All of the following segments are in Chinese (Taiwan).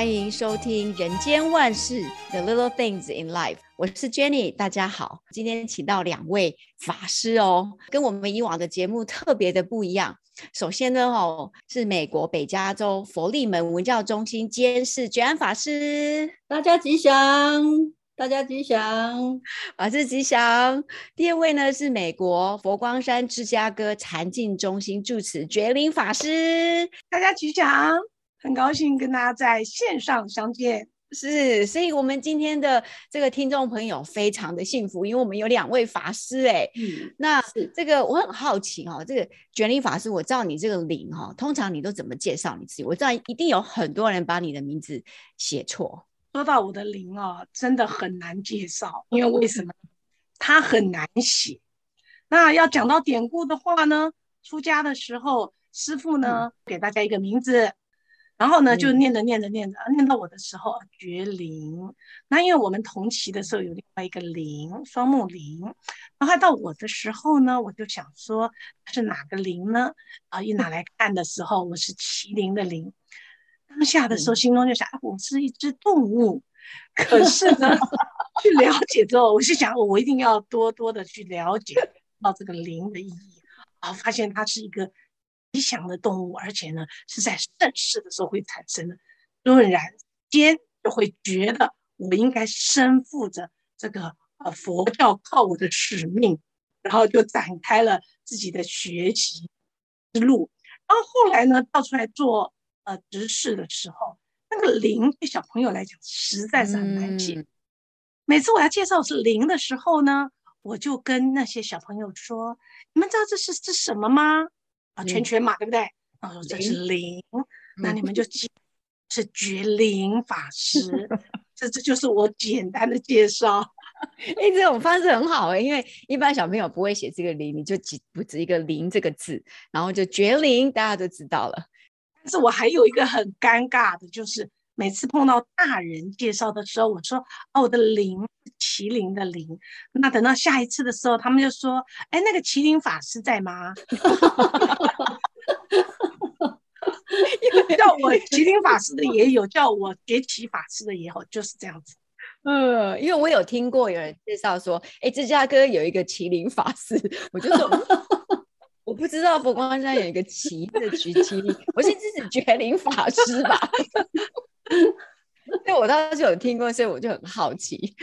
歡迎收聽《人間萬事》The Little Things in Life，我是 Jenny，大家好。今天請到兩位法師哦，跟我們以往的節目特別的不一樣。首先呢，哦，是美國北加州佛利門文教中心監寺覺安法師，大家吉祥，大家吉祥，法師吉祥。第二位呢是美國佛光山芝加哥禪淨中心住持覺林法師，大家吉祥。很高興跟大家在線上相見，是，所以我們今天的這個聽眾朋友非常的幸福，因為我們有兩位法師誒、欸，嗯、那這個我很好奇哈、哦，嗯、這個覺林法師，我知道你這個林哈、哦，通常你都怎麼介紹你自己？我知道一定有很多人把你的名字寫錯。說到我的林哦，真的很難介紹，因為為什麼？它 很難寫。那要講到典故的話呢，出家的時候，師父呢、嗯、給大家一個名字。然後呢，就念着念着念着，嗯、念到我的時候絕靈。那因為我們同期的時候有另外一個靈，雙木靈。然後到我的時候呢，我就想說它是哪個靈呢？啊，一拿來看的時候，嗯、我是麒麟的靈。當下的時候，心中就想，嗯啊，我是一隻動物。可是呢， 去了解之後，我是想，我一定要多多的去了解到這個靈的意義啊，發現它是一個。理想的動物，而且呢，是在盛世的時候會產生的。頓然間就會覺得我應該身負着這個呃佛教靠我的使命，然後就展開了自己的學習之路。然後後來呢，到出來做呃執事的時候，那個靈對小朋友來講實在是很難記。嗯、每次我要介紹是靈的時候呢，我就跟那些小朋友說：“你們知道這是是什麼嗎？”哦、圈圈嘛，嗯、對不對？哦，這是零，嗯、那你們就記、嗯、是絕零法師，這 這就是我簡單的介紹。哎、 欸，這種方式很好哎、欸，因為一般小朋友不會寫這個零，你就只不止一個零這個字，然後就絕零，大家都知道了。但是我還有一個很尷尬的，就是每次碰到大人介紹的時候，我說哦，我的零。麒麟的麟，那等到下一次的時候，他們就說：“哎、欸，那個麒麟法師在嗎？” 叫我麒麟法師的也有，叫我給起法師的也有，就是這樣子。嗯，因為我有聽過有人介紹說：“哎、欸，芝加哥有一個麒麟法師。”我就說：“ 我不知道，佛光山有一個奇的崛起，我是指覺麟法師吧？”因 為我當時有聽過，所以我就很好奇。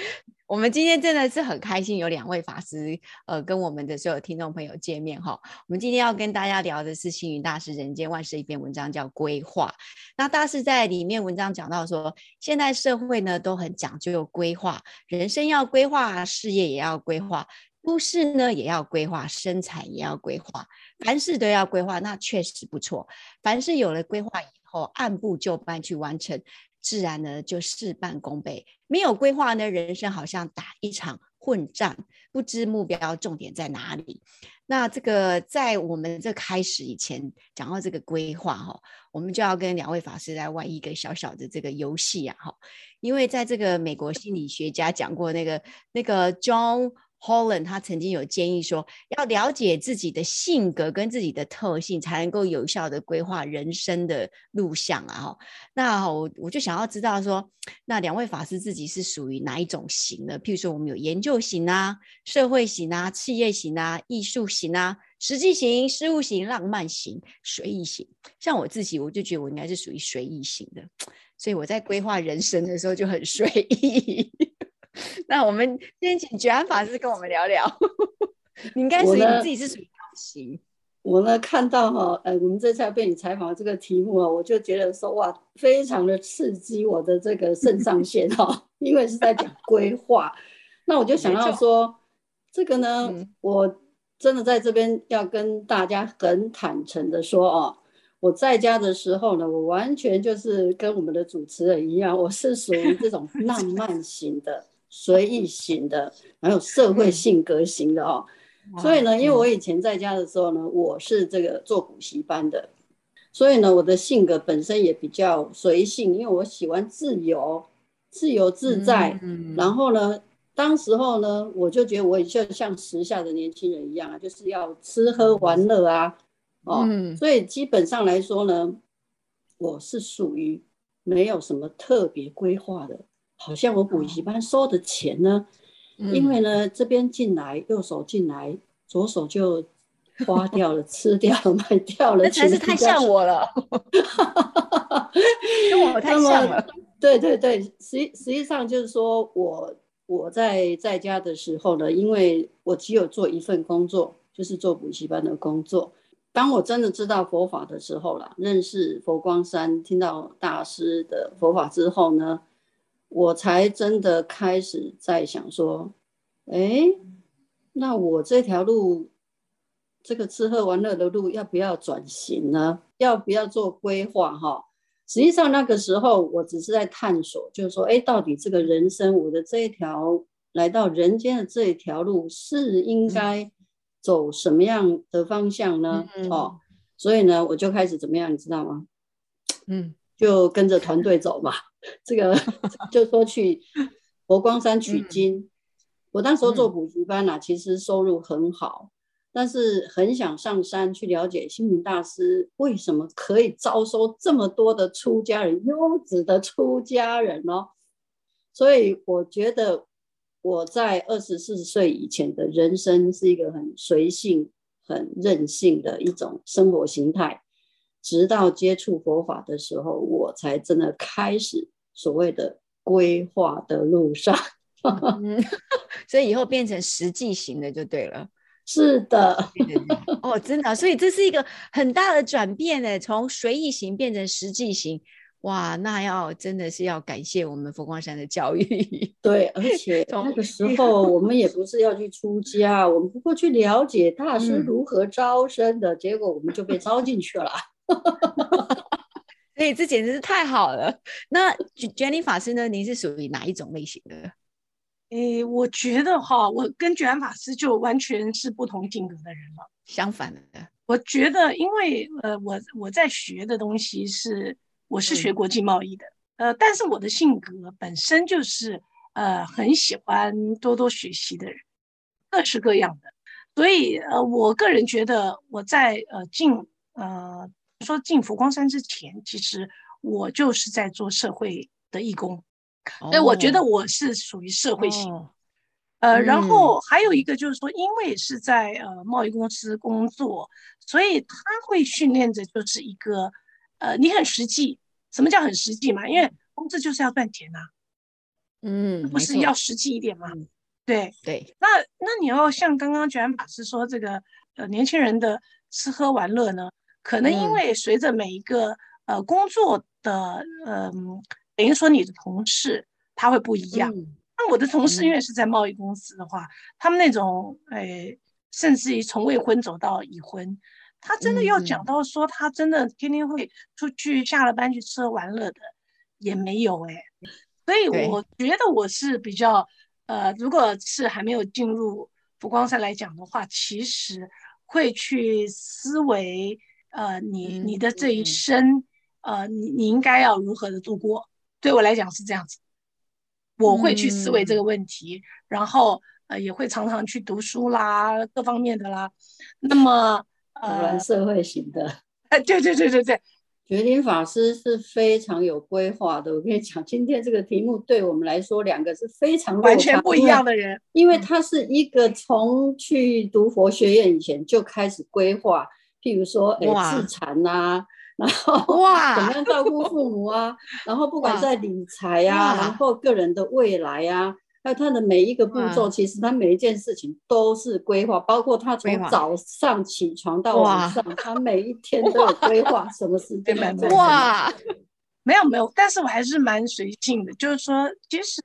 我們今天真的是很開心，有兩位法師，呃，跟我們的所有聽眾朋友見面哈。我們今天要跟大家聊的是星雲大師《人間萬事》一篇文章，叫《規劃》。那大師在裡面文章講到說，現代社會呢都很講究有規劃，人生要規劃，事業也要規劃，都市呢也要規劃，生產也要規劃，凡事都要規劃，那確實不錯。凡事有了規劃以後，按部就班去完成。自然呢，就事半功倍。沒有規劃呢，人生好像打一場混戰，不知目標重點在哪裡。那這個在我們這開始以前講到這個規劃哈、哦，我們就要跟兩位法師來玩一個小小的這個遊戲呀、啊、哈，因為在這個美國心理學家講過那個那個 John。Holland 他曾經有建議說，要了解自己的性格跟自己的特性，才能夠有效的規劃人生的路向啊。那我我就想要知道說，那兩位法師自己是屬於哪一種型的？譬如說，我們有研究型啊、社會型啊、企業型啊、藝術型啊、實際型、事務型、浪漫型、隨意型。像我自己，我就覺得我應該是屬於隨意型的，所以我在規劃人生的時候就很隨意。 那我們先請覺案法師跟我們聊聊。 你應該屬於自己是屬於哪型？我呢看到哈，哦，呃，我們這次要被你採訪這個題目啊，哦，我就覺得說哇，非常的刺激我的這個腎上腺哈，哦， 因為是在講規劃。 那我就想要說，錯這個呢，嗯、我真的在這邊要跟大家很坦誠的說哦，我在家的時候呢，我完全就是跟我們的主持人一樣，我是屬於這種浪漫型的。 隨意型的，還有社會性格型的哦。嗯、所以呢，因為我以前在家的時候呢，我是這個做補習班的，嗯、所以呢，我的性格本身也比較隨性，因為我喜歡自由、自由自在。嗯嗯、然後呢，當時候呢，我就覺得我也就像時下的年輕人一樣啊，就是要吃喝玩樂啊。嗯、哦。所以基本上來說呢，我是屬於沒有什麼特別規劃的。好像我補習班收的錢呢，嗯、因為呢這邊進來，右手進來，左手就花掉了， 吃掉了，賣掉了。那真是太像我了， 跟我，我太像了。 對對對，實實際上就是說我我在在家的時候呢，因為我只有做一份工作，就是做補習班的工作。當我真的知道佛法的時候了，認識佛光山，聽到大師的佛法之後呢。我才真的開始在想說，哎，那我這條路，這個吃喝玩樂的路，要不要轉型呢？要不要做規劃哈？實際上那個時候，我只是在探索，就是說，哎，到底這個人生，我的這一條來到人間的這一條路，是應該走什麼樣的方向呢？嗯、哦，所以呢，我就開始怎麼樣，你知道嗎？嗯，就跟着團隊走吧。 這個就說去佛光山取經，嗯、我那時候做補習班啊，其實收入很好，嗯、但是很想上山去了解星雲大師為什麼可以招收這麼多的出家人，優質的出家人哦。所以我覺得我在二十四歲以前的人生是一個很隨性、很任性的一種生活形態，直到接觸佛法的時候，我才真的開始。所謂的規劃的路上、 嗯，所以以後變成實際型的就對了。是的 對對對，哦，真的、啊，所以這是一個很大的轉變呢，從隨意型變成實際型，哇，那要真的是要感謝我們佛光山的教育。對，而且那個時候我們也不是要去出家， 我們不過去了解大師如何招生的，嗯、結果我們就被招進去了。 哎，這簡直是太好了！那卷卷林法師呢？你是屬於哪一種類型的？誒，我覺得哈、哦，我跟卷林法師就完全是不同性格的人了，相反的。我覺得，因為呃，我我在學的東西是我是學國際貿易的，對呃，但是我的性格本身就是呃很喜歡多多學習的人，各式各樣的。所以呃，我個人覺得我在呃進呃。說進佛光山之前，其實我就是在做社會的義工，哦、所以我覺得我是屬於社會型。哦、呃，嗯、然後還有一個就是說，因為是在呃貿易公司工作，所以他會訓練着就是一個呃你很實際。什麼叫很實際嘛？因為工資就是要賺錢吶、啊，嗯，不是要實際一點嗎？對、嗯、對。對那那你要像剛剛覺安法師說這個呃年輕人的吃喝玩樂呢？可能因為隨着每一個、嗯、呃工作的嗯、呃，等於說你的同事他會不一樣。那、嗯、我的同事，因為是在貿易公司的話，嗯、他們那種誒、哎，甚至於從未婚走到已婚，他真的要講到說他真的天天會出去下了班去吃喝玩樂的，嗯、也沒有誒、欸。所以我覺得我是比較、嗯、呃，如果是還沒有進入佛光山來講的話，其實會去思維。呃，你你的這一生，嗯、呃，你你應該要如何的度過？對我來講是這樣子，我會去思維這個問題，嗯、然後呃，也會常常去讀書啦，各方面的啦。那麼，呃，社會型的，哎、呃，對對對對對，覺林法師是非常有規劃的。我跟你講，今天這個題目對我們來說，兩個是非常，常完全不一樣的人，因為他是一個從去讀佛學院以前就開始規劃。比如說，哎，自殘吶，然後怎麼樣照顧父母啊？然後不管在理財啊，然後個人的未來啊，還有他的每一個步驟，其實他每一件事情都是規劃，包括他從早上起床到晚上，他每一天都有規劃，什麼事都安排。哇，沒有沒有，但是我還是蠻隨性的，就是說，其實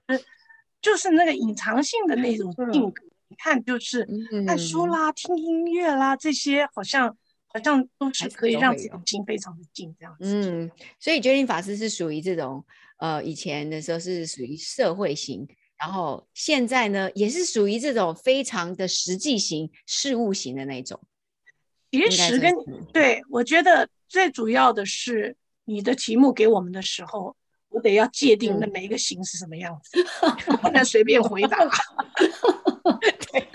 就是那個隱藏性的那種性格，你看，就是看書啦、聽音樂啦，這些好像。好像都是可以讓自己心非常的靜這樣子。嗯，所以決定、er、法師是屬於這種，呃，以前的時候是屬於社會型，然後現在呢，也是屬於這種非常的實際型、事務型的那種。其實跟，對，我覺得最主要的是你的題目給我們的時候，我得要界定那每一個型是什麼樣子，不、嗯、 能隨便回答，是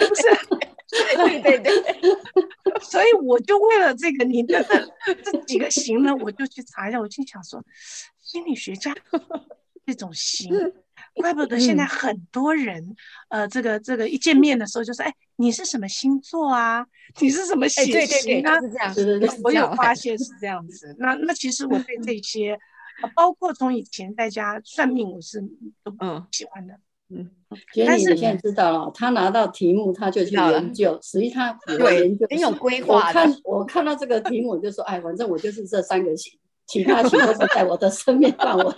不是？ 對對對，對，所以我就為了這個，您的這幾個型呢，我就去查一下。我就想說，心理學家這種型，怪不得現在很多人，呃，這個這個一見面的時候就說，哎，你是什麼星座啊？你是什麼血型、哎對對對？對，是這樣子。樣，我有發現是這樣子。哎、那那其實我對這些，包括從以前在家算命，我是都不喜歡的、嗯。嗯，但是其實你現在知道了，他拿到題目他就去研究，實際他不會研究，對是很有規劃。我看我看到這個題目 我就說，哎，反正我就是這三個，其他全都是在我的生命範圍。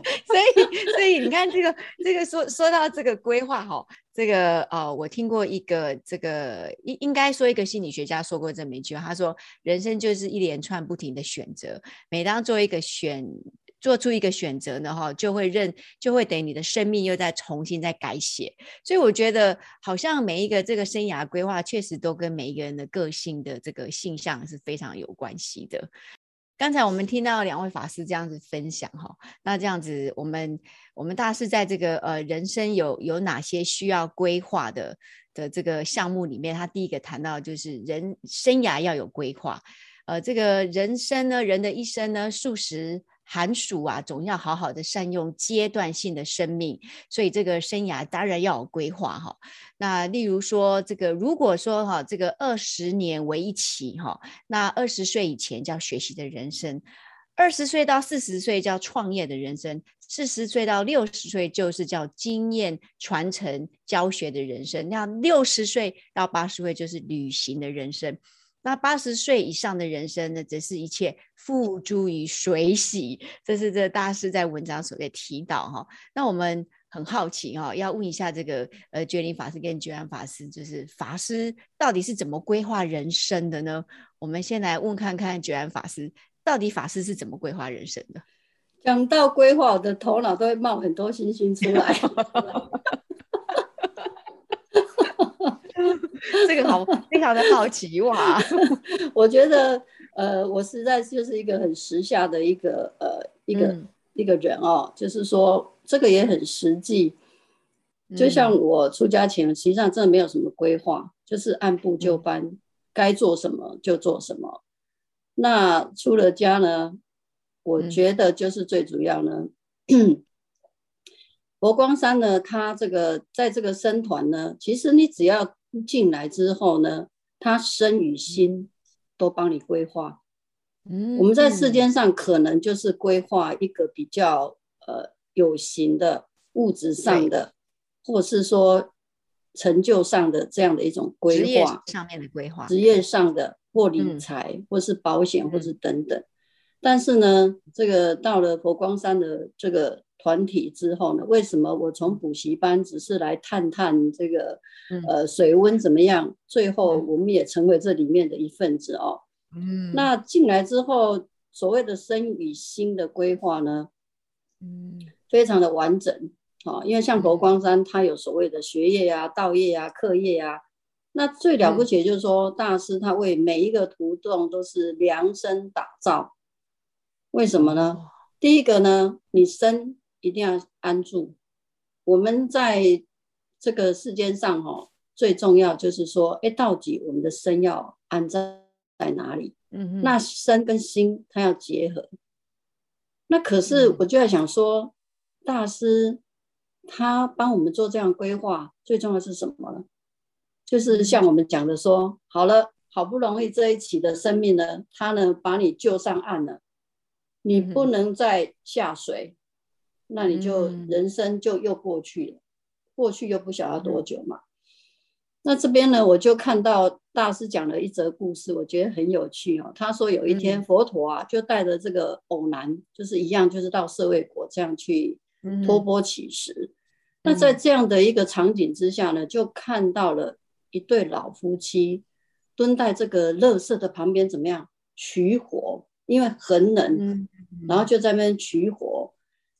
所以，所以你看這個這個說，說到這個規劃哈，這個哦，我聽過一個這個應應該說一個心理學家說過這麼一句話，他說人生就是一連串不停的選擇，每當做一個選。做出一個選擇呢，哈，就會認就會給你的生命又再重新再改寫。所以我覺得，好像每一個這個生涯規劃，確實都跟每一個人的個性的這個性向是非常有關係的。剛才我們聽到兩位法師這樣子分享，哈，那這樣子我，我們我們大師在這個呃人生有有哪些需要規劃的的這個項目裡面，他第一個談到就是人生涯要有規劃。呃，這個人生呢，人的一生呢，數十。寒暑啊，總要好好的善用階段性的生命，所以這個生涯當然要有規劃哈。那例如說，這個如果說哈，這個二十年為一期哈，那二十歲以前叫學習的人生，二十歲到四十歲叫創業的人生，四十歲到六十歲就是叫經驗傳承教學的人生，那六十歲到八十歲就是旅行的人生。那八十歲以上的人生呢，則是一切付諸於水洗，這是這大師在文章所給提到哈、哦。那我們很好奇啊、哦，要問一下這個呃覺林法師跟覺安法師，就是法師到底是怎麼規劃人生的呢？我們先來問看看覺安法師，到底法師是怎麼規劃人生的？講到規劃，我的頭腦都會冒很多星星出來。 這個好，非常的好奇哇！ 我覺得，呃，我實在就是一個很時下的一個呃一個、嗯、一個人哦，就是說這個也很實際。就像我出家前，實際上真的沒有什麼規劃，就是按部就班，該、嗯、做什麼就做什麼。那出了家呢，我覺得就是最主要呢，佛、嗯、 光山呢，它這個在這個僧團呢，其實你只要。進來之後呢，他身與心都幫你規劃。嗯，我們在世間上可能就是規劃一個比較、嗯、呃有形的物質上的，對或是說成就上的這樣的一種規劃。職業上面的規劃，職業上的或理財，嗯、或是保險，或是等等。嗯、但是呢，這個到了佛光山的這個。團體之後呢，為什麼我從補習班只是來探探這個、嗯、呃水溫怎麼樣？最後我們也成為這裡面的一份子哦。嗯，那進來之後，所謂的身與心的規劃呢，嗯，非常的完整哦。因為像佛光山，它有所謂的學業呀、啊、道業呀、啊、課業呀、啊。那最了不起的就是說，嗯、大師他為每一個徒眾都是量身打造。為什麼呢？哦、第一個呢，你身。一定要安住。我們在這個世間上，哈，最重要就是說，誒、欸，到底我們的身要安在在哪裡？嗯哼。那身跟心，它要結合。那可是我就在想說，嗯哼。大師他幫我們做這樣規劃，最重要是什麼呢？就是像我們講的說，好了，好不容易這一期的生命呢，他呢把你救上岸了，你不能再下水。嗯那你就人生就又過去了，嗯、過去又不曉得多久嘛。嗯、那這邊呢，我就看到大師講了一則故事，我覺得很有趣哦。他說有一天佛陀啊，就帶着這個偶男，嗯、就是一樣，就是到舍衛國這樣去托缽乞食。嗯、那在這樣的一個場景之下呢，就看到了一對老夫妻蹲在這個垃圾的旁邊，怎麼樣取火，因為很冷，嗯嗯、然後就在那邊取火。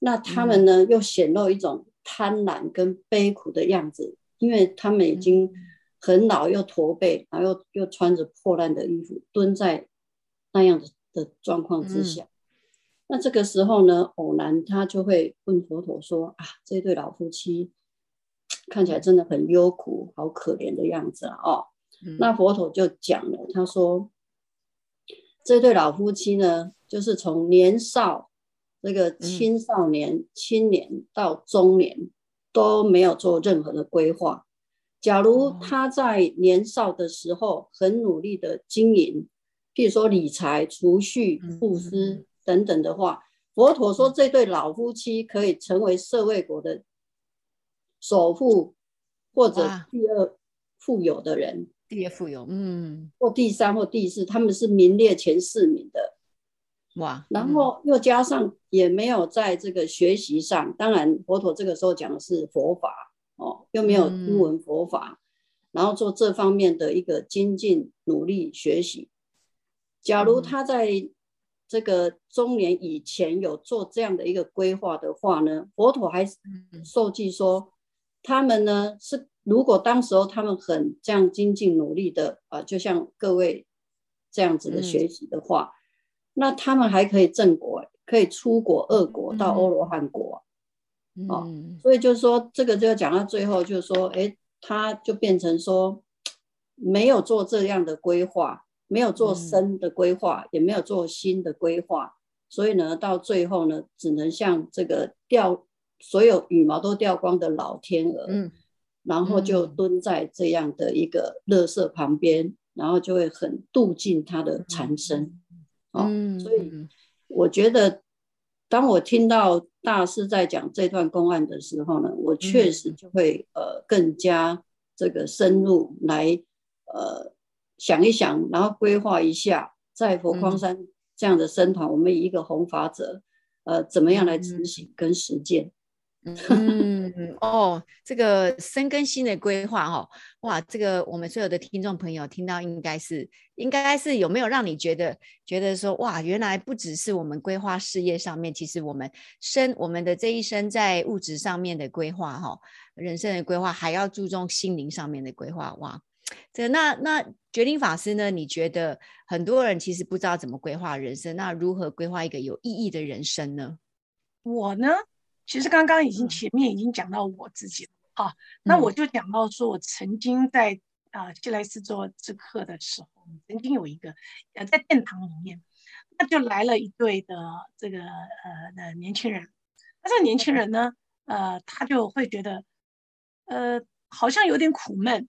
那他們呢，又顯露一種貪婪跟悲苦的樣子，因為他們已經很老又駝背，然後又又穿着破爛的衣服，蹲在那樣子的的狀況之下。嗯。那這個時候呢，偶然他就會問佛陀說：“啊，這對老夫妻看起來真的很憂苦，好可憐的樣子啊。哦。”那佛陀就講了，他說：“這對老夫妻呢，就是從年少。”這個青少年、嗯、青年到中年都沒有做任何的規劃。假如他在年少的時候很努力的經營，譬如說理財、儲蓄、布施等等的話，嗯嗯、佛陀說，這對老夫妻可以成為舍衛國的首富或者第二富有的人，第二富有，嗯，或第三或第四，他們是名列前四名的。哇然後又加上也沒有在這個學習上，嗯、當然佛陀這個時候講的是佛法哦，又沒有聽聞佛法，嗯、然後做這方面的一個精進努力學習。假如他在這個中年以前有做這樣的一個規劃的話呢，佛陀還是授記說，嗯、他們呢是如果當時候他們很這樣精進努力的啊、呃，就像各位這樣子的學習的話。嗯那他們還可以證果，可以初果、二果到阿羅漢果，果嗯、哦，所以就是說，這個就講到最後，就是說，哎、欸，他就變成說，沒有做這樣的規劃，沒有做生的規劃，也沒有做新的規劃，嗯、所以呢，到最後呢，只能像這個掉所有羽毛都掉光的老天鵝，嗯、然後就蹲在這樣的一個垃圾旁邊，然後就會很度盡它的殘生。嗯嗯嗯、哦，所以我覺得，當我聽到大師在講這段公案的時候呢，我確實就會呃更加這個深入來呃想一想，然後規劃一下，在佛光山這樣的僧團，我們以一個弘法者呃怎麼樣來執行跟實踐。 嗯，哦，這個身跟心的規劃哈，哇，這個我們所有的聽眾朋友聽到應該是應該是有沒有讓你覺得覺得說哇，原來不只是我們規劃事業上面，其實我們生我們的這一生在物質上面的規劃哈、哦，人生的規劃還要注重心靈上面的規劃哇。這個、那那覺定法師呢？你覺得很多人其實不知道怎麼規劃人生，那如何規劃一個有意義的人生呢？我呢？其實剛剛已經前面已經講到我自己了哈、嗯啊，那我就講到說我曾經在啊、呃、西來寺做知客的時候，曾經有一個呃在殿堂裡面，那就來了一對的這個呃呃年輕人，那這個年輕人呢，呃他就會覺得，呃好像有點苦悶，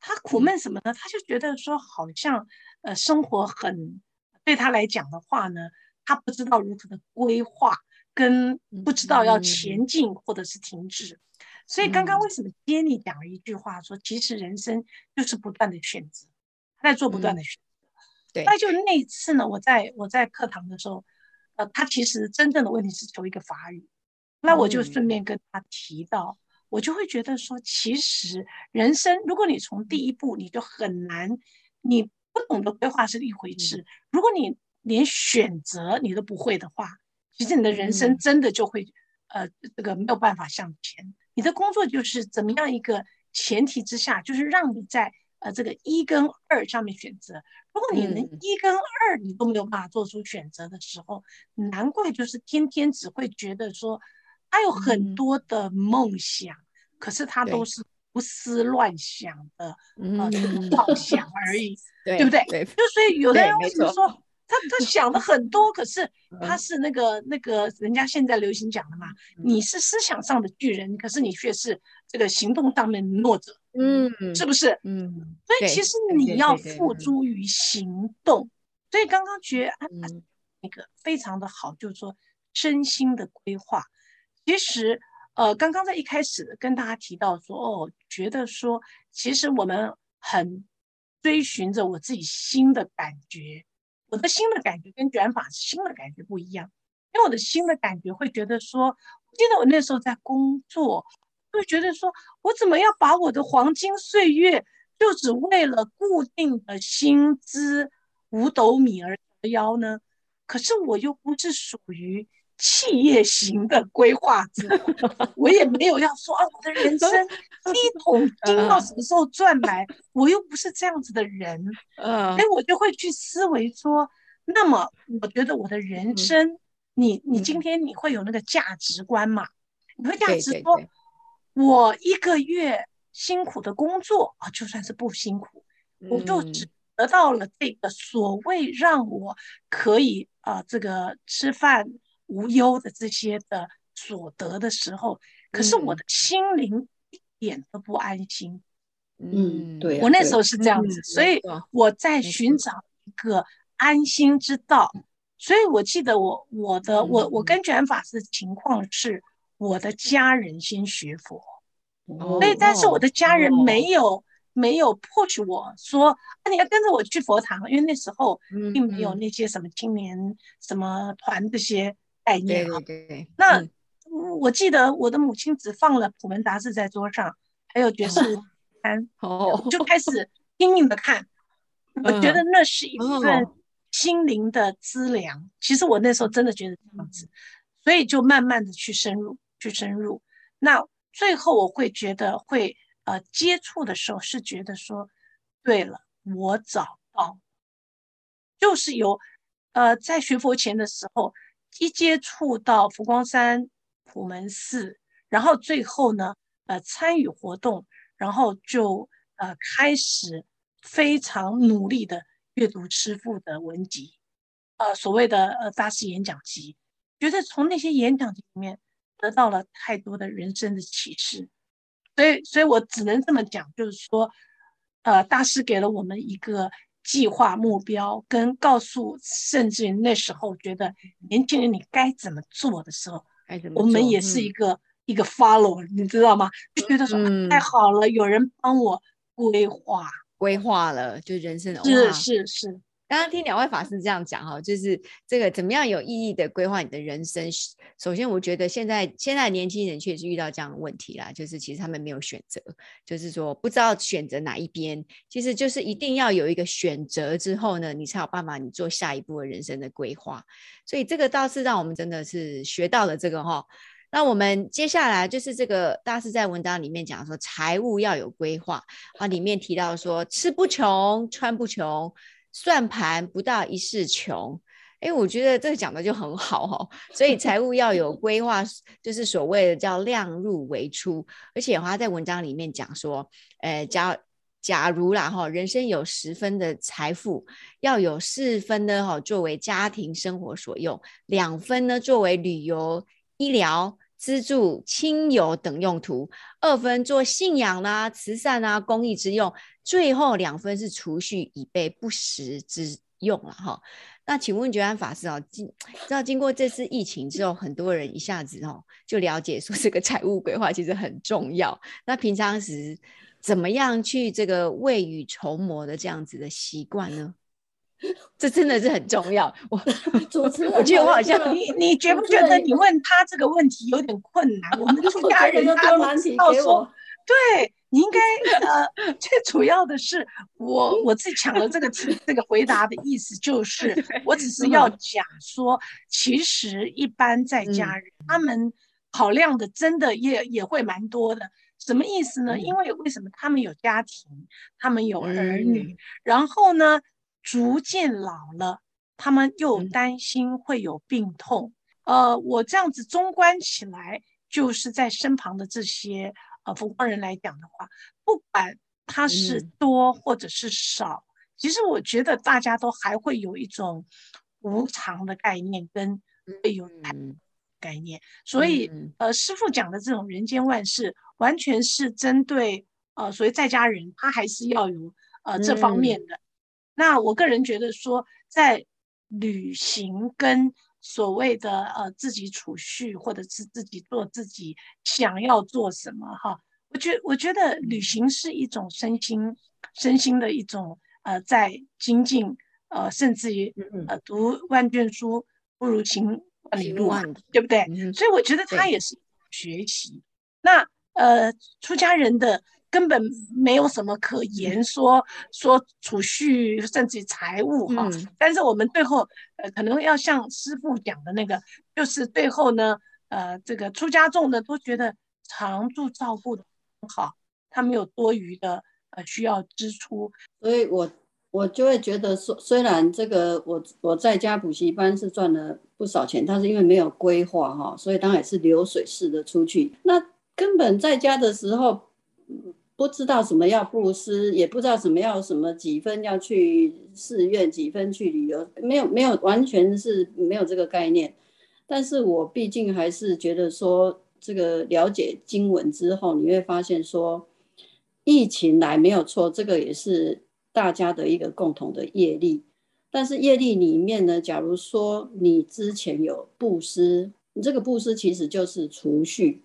他苦悶什麼呢？嗯、他就覺得說好像呃生活很對他來講的話呢，他不知道如何的規劃。跟不知道要前進或者是停滯，嗯、所以剛剛為什麼接你講了一句話說，其實人生就是不斷的選擇，在做不斷的選擇。對、嗯，那就那次呢我，我在我在課堂的時候，呃，他其實真正的問題是求一個法語，嗯、那我就順便跟他提到，我就會覺得說，其實人生，如果你從第一步你就很難，你不懂得規劃是一回事，嗯、如果你連選擇你都不會的話。其實你的人生真的就會、嗯、呃，這個沒有辦法向前。你的工作就是怎麼樣一個前提之下，就是讓你在呃這個一跟二上面選擇。如果你連一跟二你都沒有辦法做出選擇的時候，嗯、難怪就是天天只會覺得說他有很多的夢想，嗯、可是他都是胡思亂想的，嗯、呃，妄、嗯、想而已， 對，對不對？對就所以有的人對為什麼說？他他想的很多，嗯、可是他是那個、嗯、那個人家現在流行講的嘛，嗯、你是思想上的巨人，可是你卻是這個行動上面的弱者嗯，嗯，是不是？嗯，所以其實你要付諸於行動。所以剛剛覺得、嗯、啊，那個非常的好，就是說身心的規劃。其實，呃，剛剛在一開始跟大家提到說，哦，覺得說其實我們很追尋着我自己心的感覺。我的新的感覺跟卷髮新的感覺不一樣，因為我的新的感覺會覺得說，我記得我那時候在工作，就覺得說我怎麼要把我的黃金歲月就只為了固定的薪資五斗米而折腰呢？可是我又不是屬於。企業型的規劃者，我也沒有要說 啊，我的人生一桶金 到什麼時候賺來？我又不是這樣子的人，嗯，哎，我就會去思維說，那麼我覺得我的人生，嗯、你你今天你會有那個價值觀嘛？你、嗯、會價值說，對對對，我一個月辛苦的工作啊，就算是不辛苦，嗯、我就只得到了這個所謂讓我可以啊、呃，這個吃飯，無憂的這些的所得的時候，可是我的心靈一點都不安心。嗯，對。我那時候是這樣子，所以我在尋找一個安心之道。所以我記得我我的我我跟卷法師情況是，我的家人先學佛，所以但是我的家人沒有沒有迫使我說，那你要跟着我去佛堂，因為那時候並沒有那些什麼青年什麼團這些。概念哈、啊，對對對，那我記得我的母親只放了普門雜誌在桌上，嗯、還有覺世旬刊，嗯、就開始拼命的看。嗯、我覺得那是一份心靈的資糧，嗯、其實我那時候真的覺得這樣子，所以就慢慢的去深入，去深入。那最後我會覺得會，會呃接觸的時候是覺得說，對了，我找到就是有呃在學佛前的時候。一接觸到佛光山普門寺，然後最後呢，呃，參與活動，然後就呃開始非常努力的閱讀師父的文集，呃，所謂的呃大師演講集，覺得從那些演講集裡面得到了太多的人生的啟示，所以，所以我只能這麼講，就是說，呃，大師給了我們一個。計劃目標跟告訴，甚至那時候覺得年輕人你該怎麼做的時候，我們也是一個、嗯、一個 follow，你知道嗎？就覺得說、嗯、太好了，有人幫我規劃規劃了，就人生的是是是。哇是是剛剛聽兩位法師這樣講哈，就是這個怎麼樣有意義的規劃你的人生？首先，我覺得現在現在年輕人確實遇到這樣的問題啦，就是其實他們沒有選擇，就是說不知道選擇哪一邊。其實就是一定要有一個選擇之後呢，你才有辦法你做下一步的人生的規劃。所以這個倒是讓我們真的是學到了這個哈。那我們接下來就是這個大師在文章裡面講說，財務要有規劃啊，然後裡面提到說吃不窮，穿不窮。算盤不到一世窮，哎，我覺得這個講的就很好哦，所以財務要有規劃，就是所謂的叫量入為出。而且他在文章裡面講說，呃，假假如啦哈，人生有十分的財富，要有四分呢哈作為家庭生活所用，兩分呢作為旅遊、醫療、資助親友等用途，二分做信仰啊、慈善啊、公益之用。最後兩分是儲蓄以備不時之用了哈。那請問覺安法師啊，今知道經過這次疫情之後，很多人一下子哦就了解說這個財務規劃其實很重要。那平常時怎麼樣去這個未雨綢繆的這樣子的習慣呢？這真的是很重要。我， 人 我覺得我好像你，你覺不覺得你問他這個問題有點困難？ 我們家人都丟難題給我，對。 你應該呃，最主要的是我我自己搶了這個題， 這個回答的意思就是，我只是要講說， 對其實一般在家人、嗯、他們考量的真的也也會蠻多的，什麼意思呢？嗯、因為為什麼他們有家庭，他們有兒女，嗯、然後呢，逐漸老了，他們又擔心會有病痛，嗯、呃，我這樣子縱觀起來，就是在身旁的這些。普通人來講的話，不管他是多或者是少，嗯、其實我覺得大家都還會有一種無常的概念，跟會有的概念，嗯、所以呃，師父講的這種人間萬事，完全是針對呃所謂在家人，他還是要有呃這方面的。嗯、那我個人覺得說，在旅行跟所謂的呃自己儲蓄，或者是自己做自己想要做什麼哈，我覺我覺得旅行是一種身心、嗯、身心的一種呃在精進呃甚至於呃讀萬卷書不如行萬里路、啊，嗯、對不對？嗯、所以我覺得它也是學習。對那呃出家人的。根本沒有什麼可言說，嗯、說儲蓄甚至於財務哈。嗯、但是我們最後呃，可能要像師父講的那個，就是最後呢，呃，這個出家眾的都覺得常住照顧的很好，他沒有多餘的呃需要支出。所以我我就會覺得說，雖然這個我我在家補習班是賺了不少錢，但是因為沒有規劃哈，所以當然也是流水式的出去。那根本在家的時候。嗯不知道什麼要布施，也不知道什麼要什麼幾分要去寺院，幾分去旅遊，沒有沒有，完全是沒有這個概念。但是我畢竟還是覺得說，這個了解經文之後，你會發現說，疫情來沒有錯，這個也是大家的一個共同的業力。但是業力裡面呢，假如說你之前有布施，你這個布施其實就是儲蓄，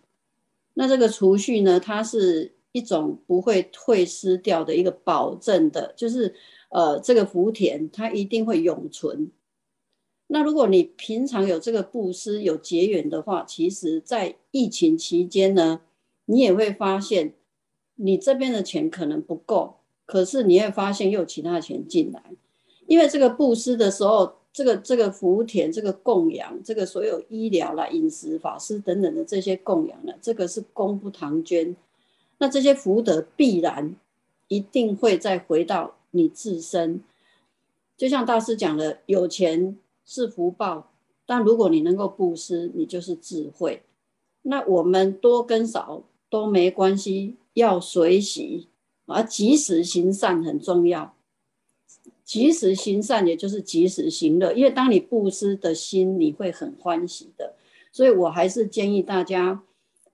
那這個儲蓄呢，它是。一種不會退失掉的一個保證的，就是呃，這個福田它一定會永存。那如果你平常有這個布施有結緣的話，其實，在疫情期間呢，你也會發現你這邊的錢可能不夠，可是你會發現又有其他的錢進來，因為這個布施的時候，這個這個福田、這個供養、這個所有醫療啦、飲食、法師等等的這些供養呢，這個是功不唐捐。那這些福德必然一定會再回到你自身，就像大師講的，有錢是福報，但如果你能夠布施，你就是智慧。那我們多跟少都沒關係，要隨喜，而、啊、及時行善很重要。及時行善，也就是及時行樂，因為當你布施的心，你會很歡喜的。所以我還是建議大家。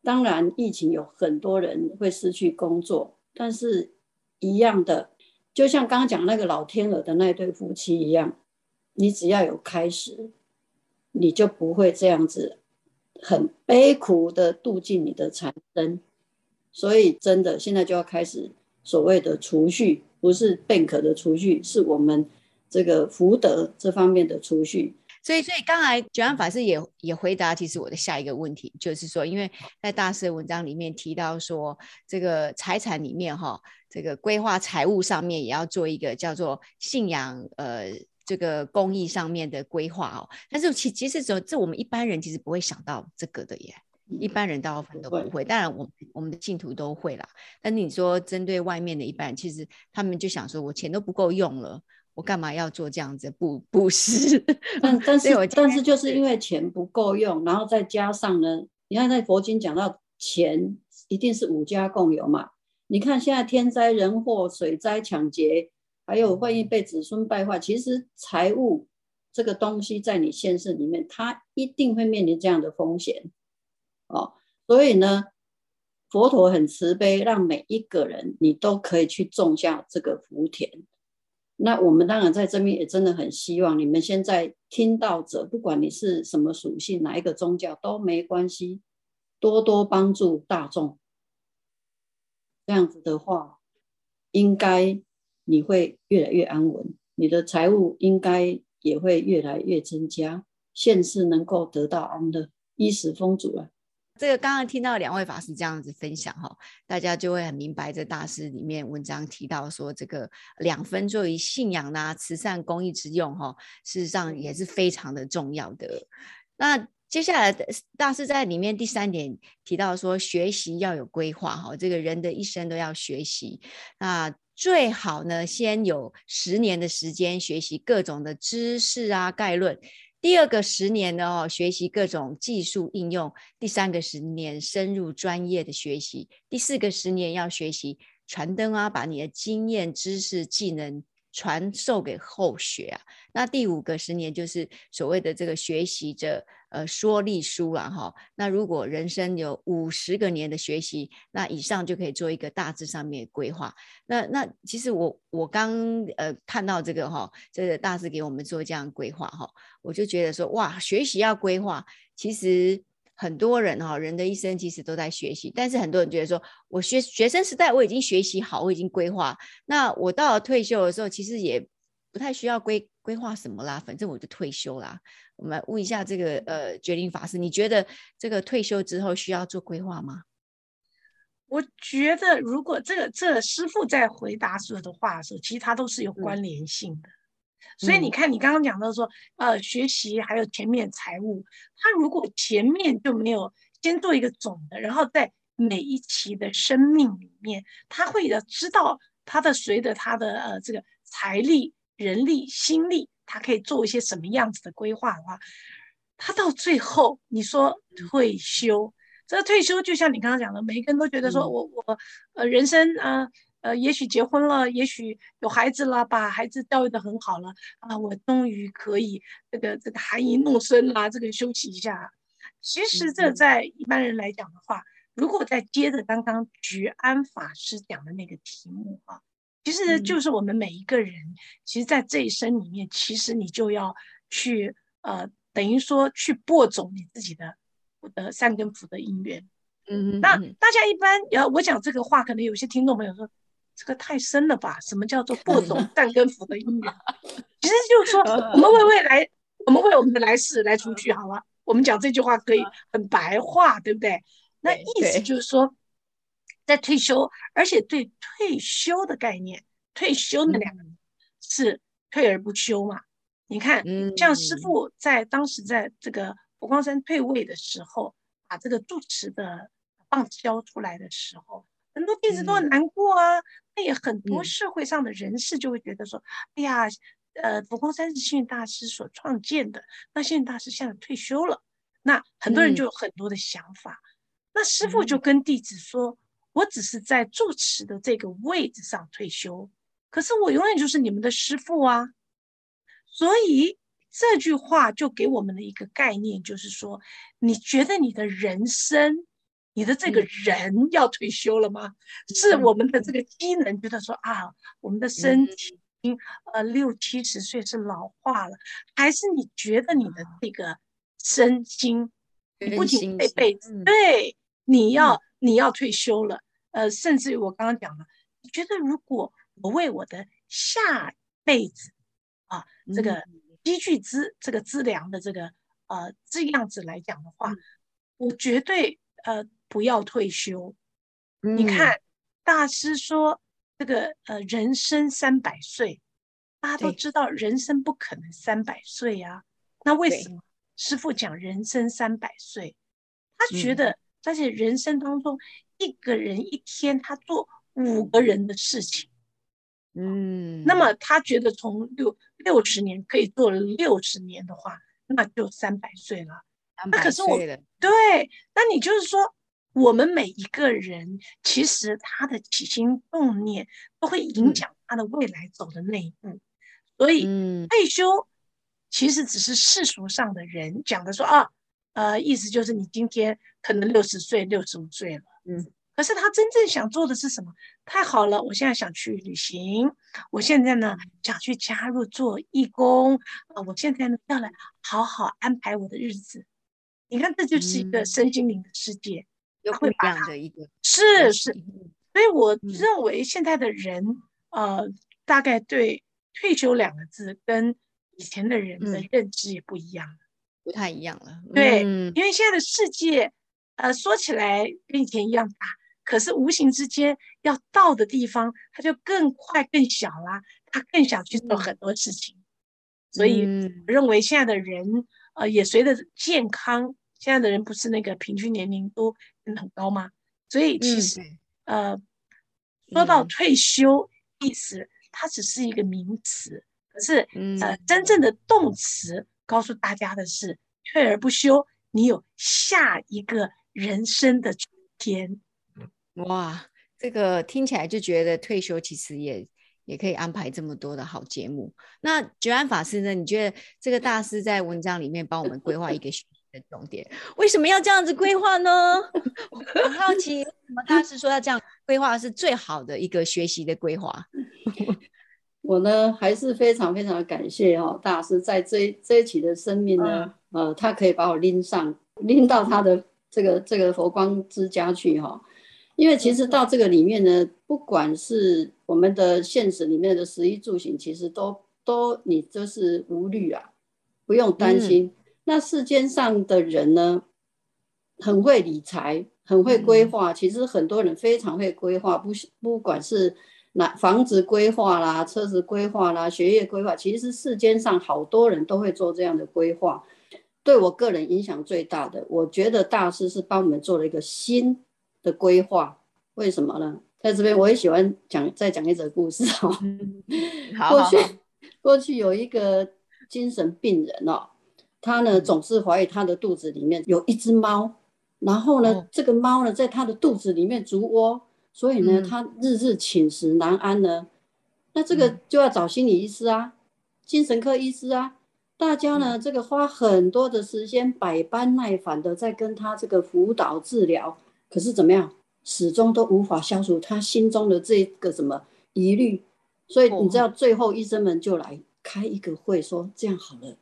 當然，疫情有很多人會失去工作，但是一樣的，就像剛剛講那個老天鵝的那對夫妻一樣，你只要有開始，你就不會這樣子很悲苦的度盡你的殘生。所以真的，現在就要開始所謂的儲蓄，不是 bank 的儲蓄，是我們這個福德這方面的儲蓄。所以，所以剛才覺安法師也也回答，其實我的下一個問題就是說，因為在大師的文章裡面提到說，這個財產裡面哈、哦，這個規劃財務上面也要做一個叫做信仰呃這個公益上面的規劃哦。但是其其實這這我們一般人其實不會想到這個的耶，一般人倒反都不會。當然我，我我們的信徒都會啦。但你說針對外面的一般人，其實他們就想說，我錢都不夠用了。我幹嘛要做這樣子？不不是、 嗯，但是但是，就是因為錢不夠用，然後再加上呢，你看在佛經講到錢一定是五家共有嘛。你看現在天災人禍、水災、搶劫，還有萬一被子孫敗壞，嗯、其實財務這個東西在你現實裡面，它一定會面臨這樣的風險。哦，所以呢，佛陀很慈悲，讓每一個人你都可以去種下這個福田。那我們當然在這邊也真的很希望你們現在聽到者，不管你是什麼屬性，哪一個宗教都沒關係，多多幫助大眾。這樣子的話，應該你會越來越安穩，你的財務應該也會越來越增加，現世能夠得到安樂，衣食豐足了。這個剛剛聽到兩位法師這樣子分享哈，大家就會很明白，在大師裡面文章提到說，這個兩分作為信仰吶、啊、慈善公益之用哈，事實上也是非常的重要的。那接下來大師在裡面第三點提到說，學習要有規劃哈，這個人的一生都要學習，那最好呢，先有十年的時間學習各種的知識啊概論。第二個十年呢，哦，學習各種技術應用；第三個十年，深入專業的學習；第四個十年，要學習傳燈啊，把你的經驗、知識、技能。傳授給後學啊，那第五個十年就是所謂的這個學習者呃說立書了、啊、哈、哦。那如果人生有五十個年的學習，那以上就可以做一個大致上面的規劃。那那其實我我剛呃看到這個哈、哦，這個大師給我們做這樣規劃哈、哦，我就覺得說哇，學習要規劃，其實。很多人哈、哦，人的一生其實都在學習，但是很多人覺得說，我學學生時代我已經學習好，我已經規劃，那我到了退休的時候，其實也不太需要規規劃什麼啦，反正我就退休啦。我們問一下這個呃，覺定法師，你覺得這個退休之後需要做規劃嗎？我覺得如果這個這個、師父在回答所有的話的時候，其他都是有關聯性的。嗯。所以你看，你剛剛講到說，嗯、呃，學習還有前面財務，他如果前面就沒有先做一個總的，然後在每一期的生命裡面，他會知道他的隨着他的呃這個財力、人力、心力，他可以做一些什麼樣子的規劃的話，他到最後你說退休，這個退休就像你剛剛講的，每一個人都覺得說我，嗯、我我呃人生啊。呃呃，也許結婚了，也許有孩子了，把孩子教育得很好了啊，我終於可以這個這個含飴弄孫啦，這個休息一下。其實這在一般人來講的話，嗯、如果再接着剛剛菊安法師講的那個題目啊，其實就是我們每一個人，嗯、其實，在這一生裡面，其實你就要去呃，等於說去播種你自己的福德善根福德因緣。嗯，那嗯大家一般要、呃、我講這個話，可能有些聽眾朋友說，這個太深了吧？什麼叫做不懂？但跟福的因啊？其實就是說，我們為未，未來， 我們為我們的來世來除去，好了。我們講這句話可以很白話，對不對？那意思就是說，在退休，而且對退休的概念，退休那兩個字是退而不休嘛？嗯、你看，像師父在當時在這個佛光山退位的時候，把這個住持的棒子交出來的時候，很多弟子都很難過啊。嗯那也很多社會上的人士就會覺得說，嗯、哎呀，呃，佛光山是星雲大師所創建的，那星雲大師現在退休了，那很多人就有很多的想法。嗯、那師父就跟弟子說：“嗯、我只是在住持的這個位置上退休，可是我永遠就是你們的師父啊。”所以這句話就給我們的一個概念，就是說，你覺得你的人生。你的這個人要退休了嗎？嗯、是我們的這個機能覺得說、嗯、啊，我們的身體、嗯、呃六七十歲是老化了，還是你覺得你的這個身心，嗯、不僅這輩子、嗯、對你要、嗯、你要退休了，呃，甚至於我剛剛講了，你覺得如果我為我的下輩子啊這個積聚資、嗯、這個資糧的這個呃這樣子來講的話，嗯、我絕對呃。不要退休，嗯、你看大師說這個呃，人生三百歲，大家都知道人生不可能三百歲啊。對那為什麼對師父講人生三百歲？他覺得，在這、嗯、人生當中，一個人一天他做五個人的事情，嗯，啊、嗯那麼他覺得從六六十年可以做了六十年的話，那就三百歲了。歲了那可是我，對，那你就是說。我們每一個人，其實他的起心動念都會影響他的未來走的那一步。所以，退休其實只是世俗上的人講的說啊，呃，意思就是你今天可能六十歲、六十五歲了。嗯。可是他真正想做的是什麼？太好了，我現在想去旅行。我現在呢，想去加入做義工。啊，我現在呢，要來好好安排我的日子。你看，這就是一個身心靈的世界。會這樣的一個是是，所以我認為現在的人、嗯、呃，大概對“退休”兩個字跟以前的人的認知也不一樣，不太一樣了。對，嗯、因為現在的世界呃，說起來跟以前一樣大，可是無形之間要到的地方，它就更快、更小了。他更想去做很多事情，所以我認為現在的人呃，也隨着健康，現在的人不是那個平均年齡都，很高嗎？所以其實，嗯、呃，說到退休，意思、嗯、它只是一個名詞。可是，嗯、呃，真正的動詞告訴大家的是“嗯、退而不休”，你有下一個人生的春天。哇，這個聽起來就覺得退休其實也也可以安排這麼多的好節目。那覺安法師呢？你覺得這個大師在文章裡面幫我們規劃一個學？ 的重點為什麼要這樣子規劃呢？ 我很好奇，為什麼大師說要這樣規劃是最好的一個學習的規劃？ 我呢還是非常非常感謝哈、哦，大師在這一這一期的生命呢，嗯、呃，他可以把我拎上，拎到他的這個這個佛光之家去哈、哦。因為其實到這個裡面呢，不管是我們的現實裡面的食衣住行，其實都都你就是無慮啊，不用擔心。嗯那世間上的人呢，很會理財，很會規劃。嗯、其實很多人非常會規劃，不不管是那房子規劃啦、車子規劃啦、學業規劃，其實世間上好多人都會做這樣的規劃。對我個人影響最大的，我覺得大師是幫我們做了一個新的規劃。為什麼呢？在這邊我也喜歡講，再講一則故事、哦嗯、好，好，過去 過去有一個精神病人哦。他呢，總是懷疑他的肚子裡面有一隻貓，然後呢，嗯、這個貓呢在他的肚子裡面築窩，所以呢，嗯、他日日寢食難安呢。那這個就要找心理醫師啊，嗯、精神科醫師啊。大家呢，這個花很多的時間，嗯、百般耐煩的在跟他這個輔導治療，可是怎麼樣，始終都無法消除他心中的這個什麼疑慮。所以你知道，最後醫生們就來開一個會說，說、哦、這樣好了。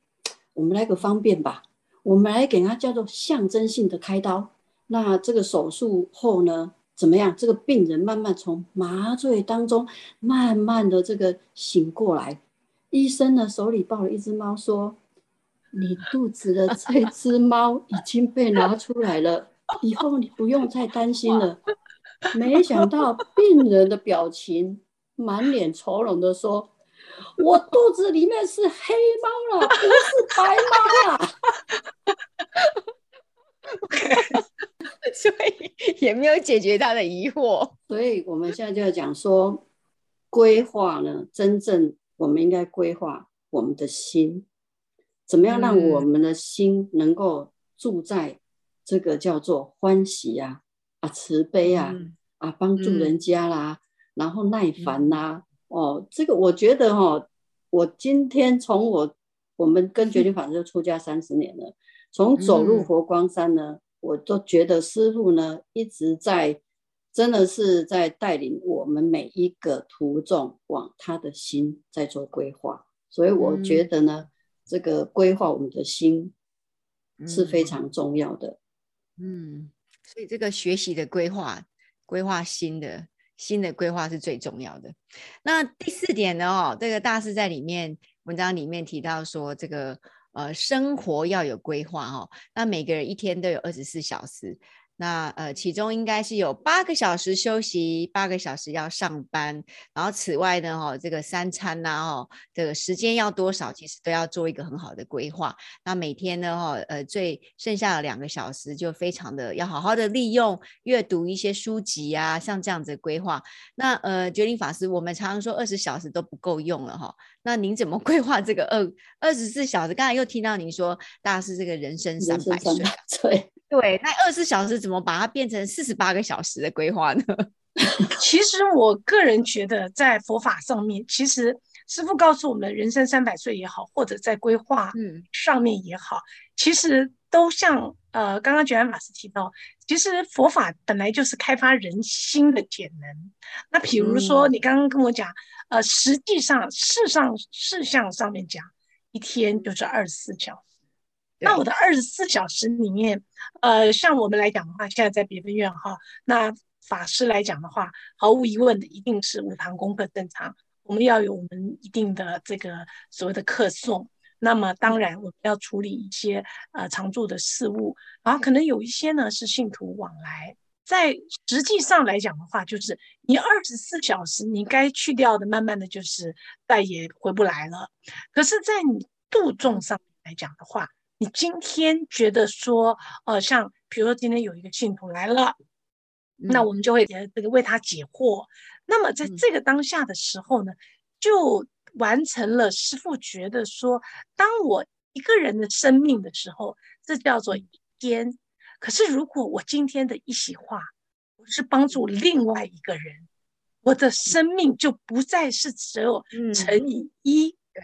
我們來個方便吧，我們來給他叫做象徵性的開刀。那這個手術後呢，怎麼樣？這個病人慢慢從麻醉當中慢慢的這個醒過來，醫生呢手裡抱了一隻貓，說：“ 你肚子的這隻貓已經被拿出來了， 以後你不用再擔心了。” 沒想到病人的表情滿臉愁容的說， 我肚子裡面是黑貓了， 不是白貓了， 所以也沒有解決他的疑惑。 所以，我們現在就要講說，規劃呢，真正我們應該規劃我們的心，怎麼樣讓我們的心能夠住在這個叫做歡喜啊、啊慈悲啊、嗯、啊幫助人家啦，嗯、然後耐煩啦、啊。嗯哦，這個我覺得哈、哦，我今天從我我們跟覺明法師出家三十年了，從走入佛光山呢，嗯、我都覺得師父呢一直在，真的是在帶領我們每一個徒衆往他的心在做規劃。所以我覺得呢，嗯、這個規劃我們的心是非常重要的嗯。嗯，所以這個學習的規劃，規劃心的。新的規劃是最重要的。那第四點呢？哦，這個大師在裡面文章裡面提到說，這個呃，生活要有規劃哦。那每個人一天都有二十四小時。那呃，其中應該是有八個小時休息，八個小時要上班，然後此外呢，哈、哦，這個三餐吶、啊，哈、哦，這個時間要多少，其實都要做一個很好的規劃。那每天呢，哈、哦，呃，最剩下的兩個小時就非常的要好好的利用，閱讀一些書籍啊，像這樣子的規劃。那呃，覺林法師，我們常常說二十小時都不夠用了，哈、哦。那您怎麼規劃這個二二十四小時？剛才又聽到您說大師這個人生三百歲，歲對，那二十四小時怎麼把它變成四十八個小時的規劃呢？其實我個人覺得，在佛法上面，其實師父告訴我們，人生三百歲也好，或者在規劃嗯上面也好，嗯、其實都像呃，剛剛覺安法師提到，其實佛法本來就是開發人心的潛能。那比如說，你剛剛跟我講，嗯、呃，實際上事上事項上，上，上面講，一天就是二十四小時。對那我的二十四小時裡面，呃，像我們來講的話，現在在別分院哈，那法師來講的話，毫無疑問的一定是五堂功課正常，我們要有我們一定的這個所謂的課誦。那麼當然，我們要處理一些呃常住的事物，然後可能有一些呢是信徒往來。在實際上來講的話，就是你二十四小時，你該去掉的，慢慢的就是再也回不來了。可是，在你度眾上來講的話，你今天覺得說，呃，像比如說今天有一個信徒來了，嗯、那我們就會這個為他解惑。那麼在這個當下的時候呢，嗯、就。完成了，師父覺得說，當我一個人的生命的時候，這叫做一天。可是，如果我今天的一席話，我是幫助另外一個人，我的生命就不再是只有乘以一。嗯、對，對，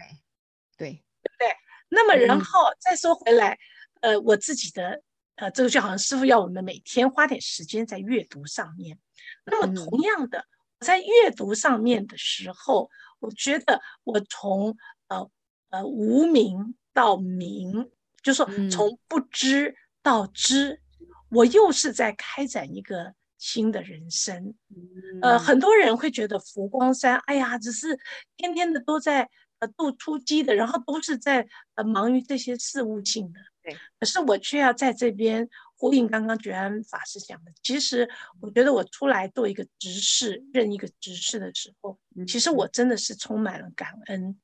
對不對？對，那麼，然後再說回來，嗯、呃，我自己的，呃，這個就好像師父要我們每天花點時間在閱讀上面。那麼，同樣的，嗯、在閱讀上面的時候。我覺得我從呃呃無名到名，就是、說從不知到知，嗯、我又是在開展一個新的人生。嗯、呃，很多人會覺得佛光山，哎呀，只是天天的都在呃度突擊的，然後都是在呃忙於這些事務性的。對可是我卻要在這邊。呼應剛剛覺安法師講的，其實我覺得我出來做一個執事，任一個執事的時候，其實我真的是充滿了感恩，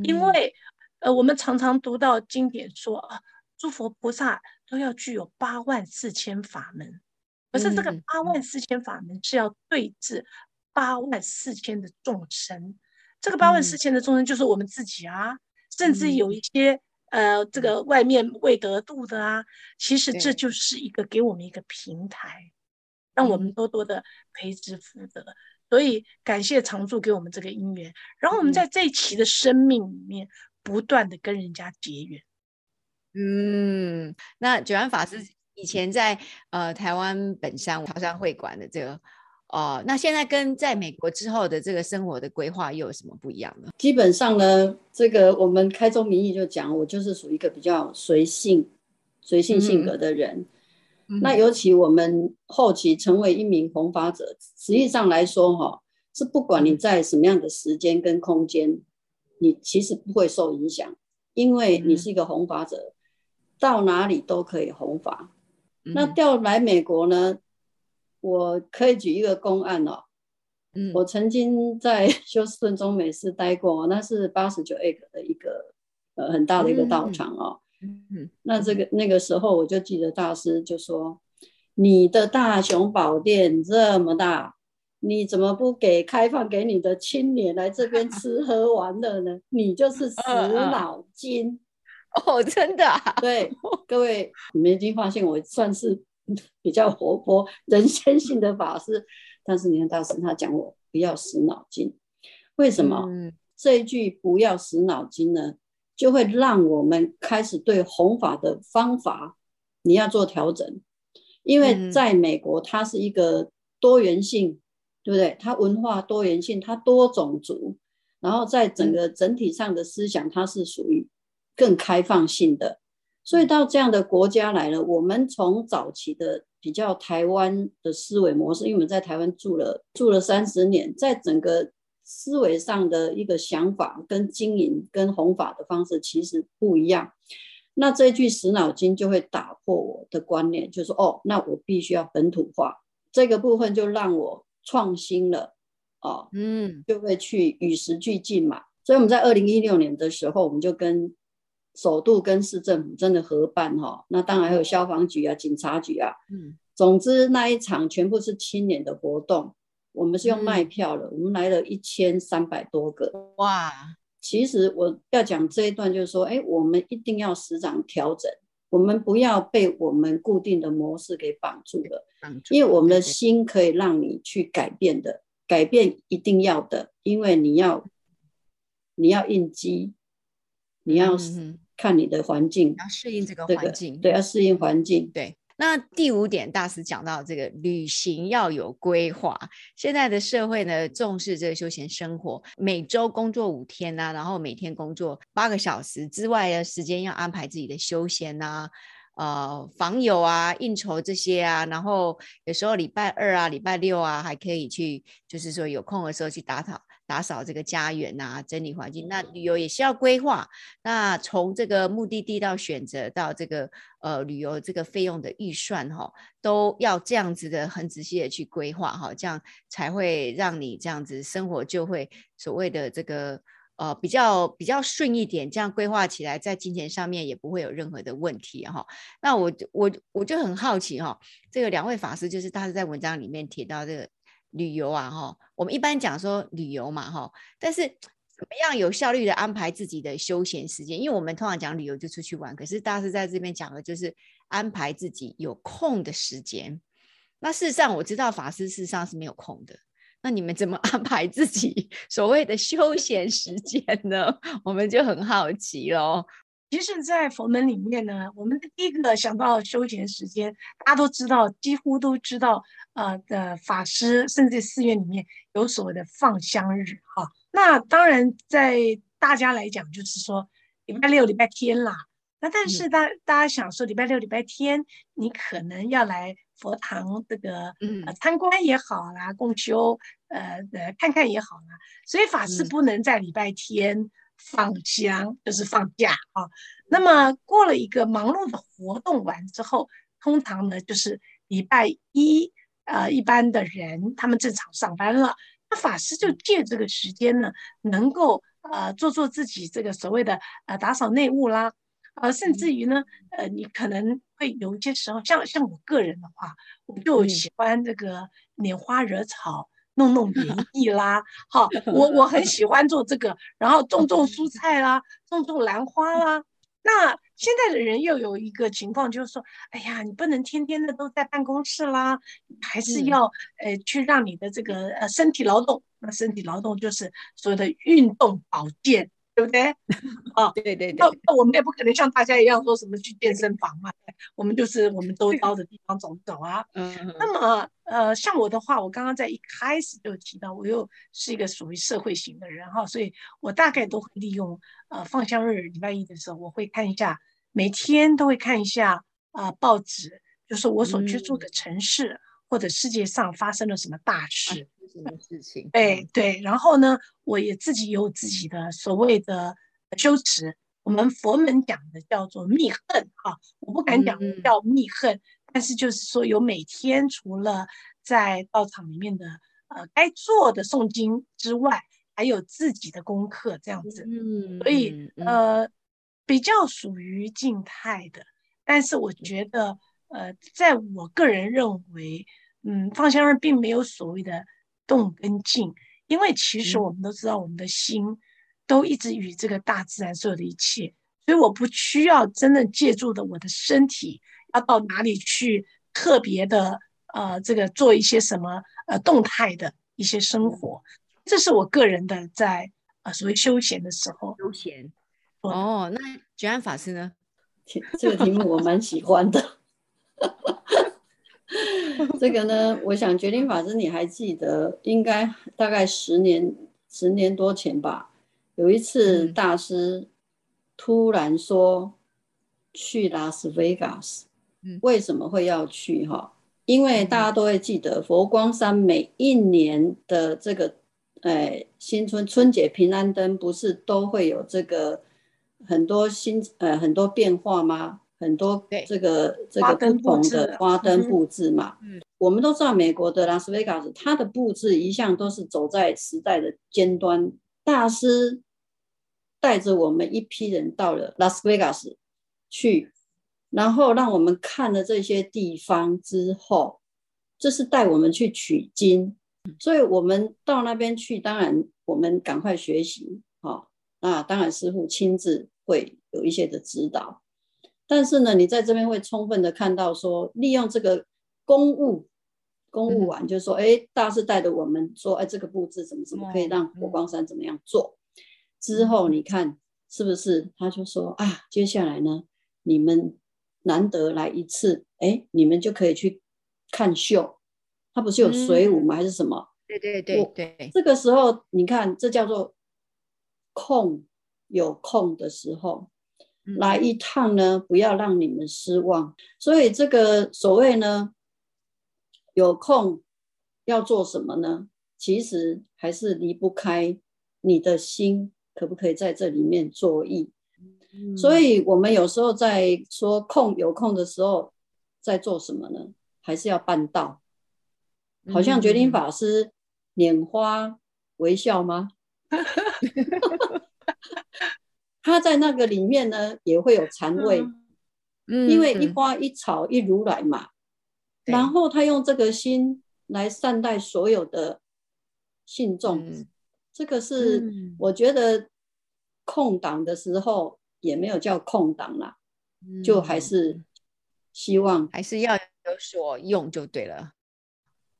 因為呃，我們常常讀到經典說啊，諸佛菩薩都要具有八萬四千法門，可是這個八萬四千法門是要對治八萬四千的眾生，這個八萬四千的眾生就是我們自己啊，甚至有一些。呃，這個外面未得度的啊，其實這就是一個給我們一個平台，對讓我們多多的培植福德。嗯、所以感謝常住給我們這個因緣，然後我們在這一期的生命裡面不斷的跟人家結緣。嗯、嗯，那覺安法師以前在呃台灣本山潮汕會館的這個。哦，那現在跟在美國之後的這個生活的規劃又有什麼不一樣呢？基本上呢，這個我們開宗明義就講，我就是屬於一個比較隨性、隨性性格的人。嗯嗯，那尤其我們後期成為一名弘法者，實際上來說哈、哦，是不管你在什麼樣的時間跟空間，嗯、你其實不會受影響，因為你是一個弘法者，嗯、到哪裡都可以弘法。嗯、那調來美國呢？我可以舉一個公案哦，嗯，我曾經在休斯頓中美寺待過，那是八十九 acre 的一個呃很大的一個道場哦，嗯，那這個那個時候我就記得大師就說：“你的大雄寶殿這麼大，你怎麼不給開放給你的青年來這邊吃喝玩樂呢？你就是死腦筋。啊啊”哦，真的啊，對，各位你們已經發現我算是。 比較活潑、人生性的法師，但是你看大師他講我不要死腦筋，為什麼？這一句不要死腦筋呢，就會讓我們開始對弘法的方法你要做調整，因為在美國它是一個多元性，對不對？它文化多元性，它多種族，然後在整個整體上的思想，它是屬於更開放性的。所以到這樣的國家來了，我們從早期的比較台灣的思維模式，因為我們在台灣住了住了三十年，在整個思維上的一個想法、跟經營、跟弘法的方式其實不一樣。那這一句死腦筋就會打破我的觀念，就是哦，那我必須要本土化。這個部分就讓我創新了哦，嗯，就會去與時俱進嘛。所以我們在二零一六年的時候，我們就跟。首度跟市政府真的合辦哈、哦，那當然還有消防局啊、嗯、警察局啊。總之那一場全部是青年的活動，我們是用賣票的。嗯、我們來了一千三百多個。哇！其實我要講這一段就是說，誒、欸，我們一定要時常調整，我們不要被我們固定的模式給綁住了，因為我們的心可以讓你去改變的，嗯、改變一定要的，因為你要你要應激，你要。嗯看你的環境，要適應這個環境、這個。對，要適應環境。對，那第五點大師講到這個旅行要有規劃。現在的社會呢，重視這個休閒生活，每週工作五天呢、啊，然後每天工作八個小時之外的時間要安排自己的休閒啊，呃，訪友啊、應酬這些啊，然後有時候禮拜二啊、禮拜六啊，還可以去，就是說有空的時候去打打。打掃這個家園啊，整理環境。那旅遊也需要規劃。那從這個目的地到選擇到這個呃旅遊這個費用的預算哈，都要這樣子的很仔細的去規劃哈，這樣才會讓你這樣子生活就會所謂的這個呃比較比較順一點。這樣規劃起來，在金錢上面也不會有任何的問題哈。那我我我就很好奇哈，這個兩位法師就是他是在文章裡面提到這個。旅遊啊，哈，我們一般講說旅遊嘛，哈，但是怎麼樣有效率的安排自己的休閒時間？因為我們通常講旅遊就出去玩，可是大師在這邊講的就是安排自己有空的時間。那事實上，我知道法師事實上是沒有空的。那你們怎麼安排自己所謂的休閒時間呢？我們就很好奇哦。其實，在佛門裡面呢，我們第一個想到休閒時間，大家都知道，幾乎都知道。呃的法師，甚至寺院裡面有所謂的放香日哈、啊，那當然在大家來講，就是說禮拜六、禮拜天啦。那但是大大家想說禮拜六、禮拜天，你可能要來佛堂這個嗯參觀也好啦，共修呃呃看看也好啦。所以法師不能在禮拜天放香，就是放假啊。那麼過了一個忙碌的活動完之後，通常呢就是禮拜一。呃，一般的人他們正常上班了，那法師就借這個時間呢，能夠呃做做自己這個所謂的呃打掃內務啦，呃甚至於呢，呃，你可能會有一些時候，像像我個人的話，我就喜歡這個拈花惹草，弄弄園藝啦， 好，我我很喜歡做這個，然後種種蔬菜啦，種種蘭花啦。那現在的人又有一個情況，就是說，哎呀，你不能天天的都在辦公室啦，還是要呃去讓你的這個呃身體勞動，那身體勞動就是所謂的運動保健。對不對？啊、哦， 對對對，那那我們也不可能像大家一樣說什麼去健身房嘛，啊， 我們就是我們周遭的地方走一走啊。嗯 對那麼呃，像我的話，我剛剛在一開始就提到，我又是一個屬於社會型的人哈，哦，所以我大概都會利用呃放假日禮拜一的時候，我會看一下，每天都會看一下啊，呃、報紙，就是我所居住的城市。嗯或者世界上發生了什麼大事？什麼、啊、事情？哎對，對，嗯、然後呢，我也自己有自己的所謂的修持，嗯、我們佛門講的叫做密恨啊，我不敢講叫密恨，嗯、但是就是說有每天除了在道場裡面的呃該做的誦經之外，還有自己的功課這樣子，嗯，所以、嗯、呃比較屬於靜態的，但是我覺得。呃，在我個人認為，嗯，方向上並沒有所謂的動跟靜，因為其實我們都知道，我們的心都一直與這個大自然所有的一切，所以我不需要真正借助的我的身體，要到哪裡去特別的呃，這個做一些什麼呃動態的一些生活，這是我個人的在呃所謂休閒的時候休閒。哦、oh，那覺安法師呢？這個題目我蠻喜歡的。 這個呢，我想決定法師，你還記得？應該大概十年、十年多前吧，有一次大師突然說、嗯、去拉斯維加斯，嗯、為什麼會要去哈？因為大家都會記得佛光山每一年的這個，哎，新春春節平安燈不是都會有這個很多新呃很多變化嗎？很多這個這個不同的花燈布置嘛，我們都知道美國的 Las Vegas，它的布置一向都是走在時代的尖端。大師帶着我們一批人到了 Las Vegas 去，然後讓我們看了這些地方之後，這是帶我們去取經，所以我們到那邊去，當然我們趕快學習哦。那當然師父親自會有一些的指導。但是呢，你在這邊會充分的看到說，說利用這個公務，公務完就是說，哎、嗯欸，大師帶着我們說，哎、欸，這個布置怎麼怎麼可以讓佛光山怎麼樣做？嗯嗯、之後你看是不是？他就說啊，接下來呢，你們難得來一次，哎、欸，你們就可以去看秀，他不是有水舞嗎？嗯、還是什麼？對對對對。這個時候你看，這叫做空有空的時候。來一趟呢，不要讓你們失望。所以這個所謂呢，有空要做什麼呢？其實還是離不開你的心，可不可以在這裡面作意？嗯、所以我們有時候在說空有空的時候，在做什麼呢？還是要辦道。好像決定法師拈、嗯、花微笑嗎？ 他在那個裡面呢，也會有禪味，嗯嗯、因為一花一草一如來嘛。對然後他用這個心來善待所有的信眾，嗯、這個是我覺得空檔的時候也沒有叫空檔啦，嗯、就還是希望還是要有所用就對了，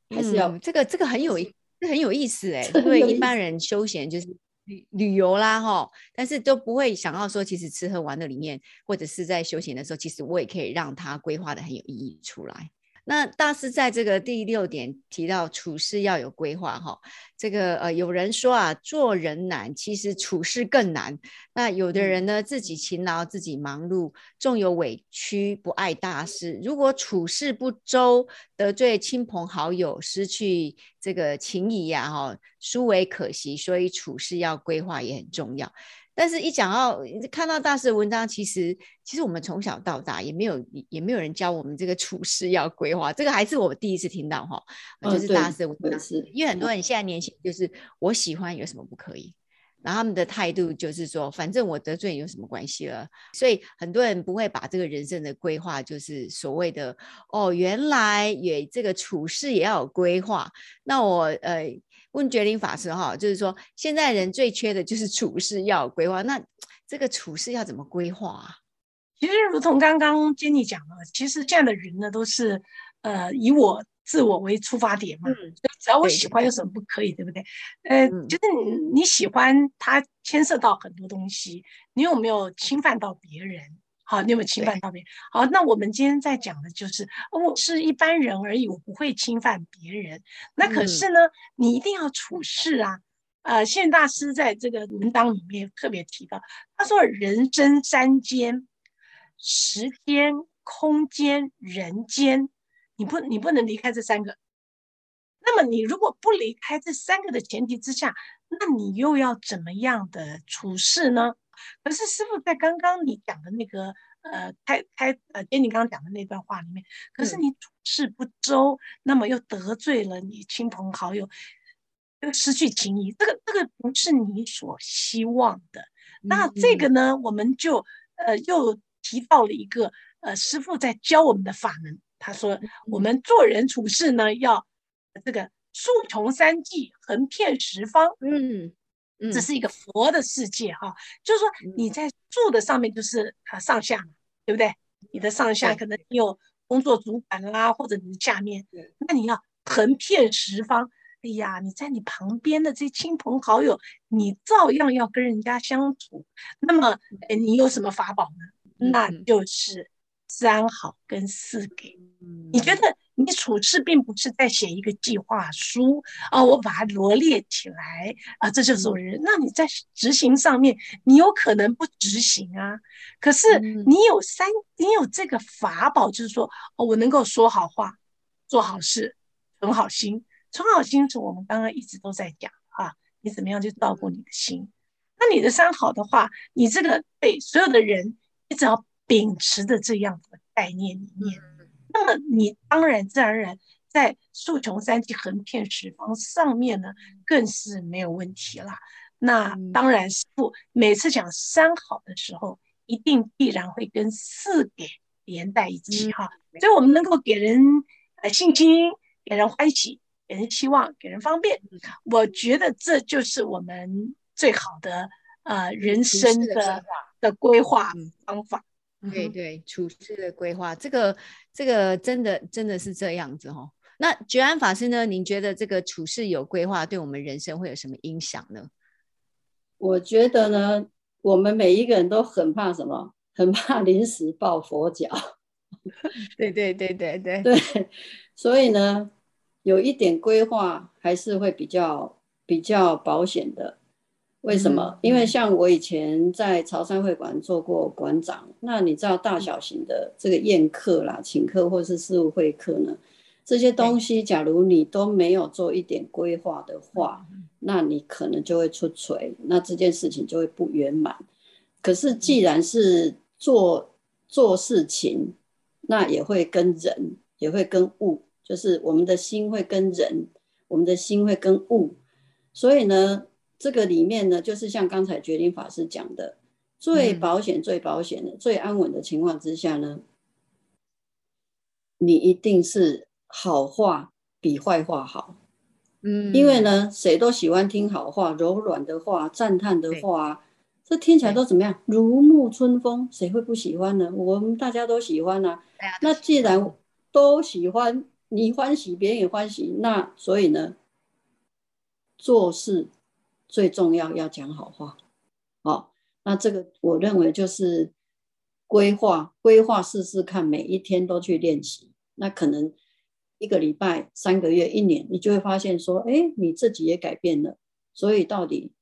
嗯、還是要、嗯、這個這個很有是很有意思哎、欸， 因為一般人休閒就是。旅旅遊啦，吼，但是都不會想要說，其實吃喝玩樂裡面，或者是在休閒的時候，其實我也可以讓他規劃的很有意義出來。那大師在這個第六點提到處事要有規劃哈，這個呃有人說啊做人難，其實處事更難。那有的人呢、嗯、自己勤勞自己忙碌，縱有委屈不礙大事。如果處事不周，得罪親朋好友，失去這個情誼呀哈，殊為可惜。所以處事要規劃也很重要。但是一，一講到看到大師的文章，其實其實我們從小到大也沒有也沒有人教我們這個處事要規劃，這個還是我第一次聽到哈，哦嗯、就是大師的文章。因為很多人現在年輕，就是、嗯、我喜歡有什麼不可以，然後他們的態度就是說，反正我得罪你有什麼關係了？所以很多人不會把這個人生的規劃，就是所謂的哦，原來也這個處事也要有規劃。那我呃。問覺林法師哈，就是說現在人最缺的就是處事要規劃。那這個處事要怎麼規劃啊？其實，如同剛剛 Jenny 講的，其實這樣的人呢，都是呃以我自我為出發點嘛。嗯、就只要我喜歡，有什麼不可以，對，對不對？嗯、呃，就是你，你喜歡他，牽涉到很多東西，你有沒有侵犯到別人？好，你有沒有侵犯到別人？對好，那我們今天在講的就是，我是一般人而已，我不會侵犯別人。那可是呢，嗯、你一定要處事啊。呃，星雲大師在這個文章裡面特別提到，他說人生三間，時間、空間、人間，你不你不能離開這三個。那麼你如果不離開這三個的前提之下，那你又要怎麼樣的處事呢？可是師父在剛剛你講的那個呃，開開呃，跟你剛剛講的那段話裡面，可是你處事不周，嗯、那麼又得罪了你親朋好友，又失去情誼，這個這個不是你所希望的。那這個呢，嗯、我們就呃又提到了一個呃，師父在教我們的法門，他說我們做人處事呢、嗯、要這個豎窮三際，橫遍十方，嗯。這是一個佛的世界哈、啊，嗯、就是說你在住的上面就是啊上下、嗯、對不對？你的上下可能有工作主管啦、啊，嗯、或者你的下面，嗯、那你要橫遍十方，哎呀，你在你旁邊的這親朋好友，你照樣要跟人家相處。那麼你有什麼法寶呢？嗯、那就是三好跟四給。嗯、你覺得？你處事並不是在寫一個計劃書啊、哦，我把它羅列起來啊，這就是我人、嗯、那你在執行上面，你有可能不執行啊。可是你有三，嗯、你有這個法寶，就是說、哦，我能夠說好話，做好事，存好心。存好心是我們剛剛一直都在講啊，你怎麼樣去照顧你的心？那你的三好的話，你這個被所有的人，你只要秉持著這樣的概念裡面。嗯。那麼你當然自然而然在豎窮三際橫遍十方上面呢，更是沒有問題了。那當然，師父每次講三好的時候，一定必然會跟四給連帶一起哈。嗯、所以，我們能夠給人、呃、信心，給人歡喜，給人希望，給人方便，嗯、我覺得這就是我們最好的呃人生的的規劃方法。嗯嗯對對，處事、嗯、哼的規劃，這個這個真的真的是這樣子哦。那覺安法師呢？您覺得這個處事有規劃，對我們人生會有什麼影響呢？我覺得呢，我們每一個人都很怕什麼，很怕臨時抱佛腳。 對對對對對對，所以呢，有一點規劃還是會比較比較保險的。為什麼？因為像我以前在潮汕會館做過館長，那你知道大小型的這個宴客啦，請客或是事務會客呢，這些東西，假如你都沒有做一點規劃的話，那你可能就會出錘，那這件事情就會不圓滿。可是既然是做做事情，那也會跟人，也會跟物，就是我們的心會跟人，我們的心會跟物，所以呢。這個裡面呢，就是像剛才決定法師講的，最保險、最保險的、最安穩的情況之下呢，嗯、你一定是好話比壞話好，嗯，因為呢，誰都喜歡聽好話、柔軟的話、讚歎的話，嗯、這聽起來都怎麼樣？嗯、如沐春風，誰會不喜歡呢？嗯、我們大家都喜歡啊。嗯、那既然都喜歡，你歡喜，別人也歡喜，那所以呢，做事。最重要要講好話，好、哦，那這個我認為就是規劃，規劃試試看，每一天都去練習，那可能一個禮拜、三個月、一年，你就會發現說，哎，你自己也改變了，所以到底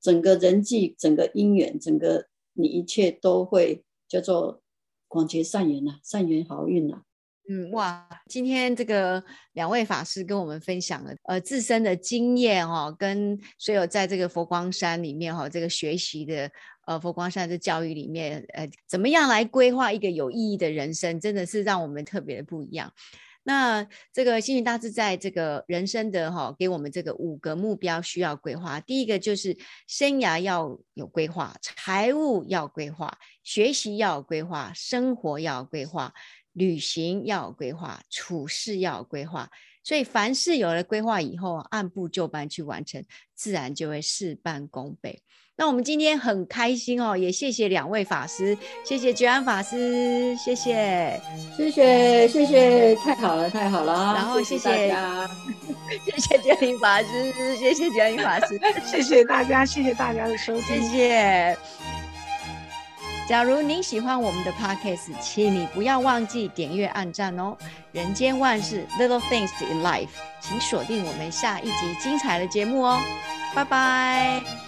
整個人際、整個因緣、整個你一切都會叫做廣結善緣吶、啊，善緣好運吶、啊。嗯哇，今天這個兩位法師跟我們分享了呃自身的經驗哦，跟所有在這個佛光山裡面哈、哦、這個學習的呃佛光山的教育裡面呃，怎麼樣來規劃一個有意義的人生，真的是讓我們特別的不一樣。那這個星雲大師在這個人生的哈、哦，給我們這個五個目標需要規劃，第一個就是生涯要有規劃，財務要規劃，學習要有規劃，生活要有規劃，旅行要有規劃，處事要有規劃，所以凡事有了規劃以後，按部就班去完成，自然就會事半功倍。那我們今天很開心哦，也謝謝兩位法師，謝謝覺安法師，謝謝，謝謝，謝謝，太好了，太好了。然後謝謝謝謝建林法師， 謝謝建林法師，謝謝建林法師， 謝謝大家， 謝謝大家的收聽，謝謝。假如您喜歡我們的 Podcast，請你不要忘記點閱按讚哦。人間萬事 Little things in life，請鎖定我們下一集精彩的節目哦。拜拜。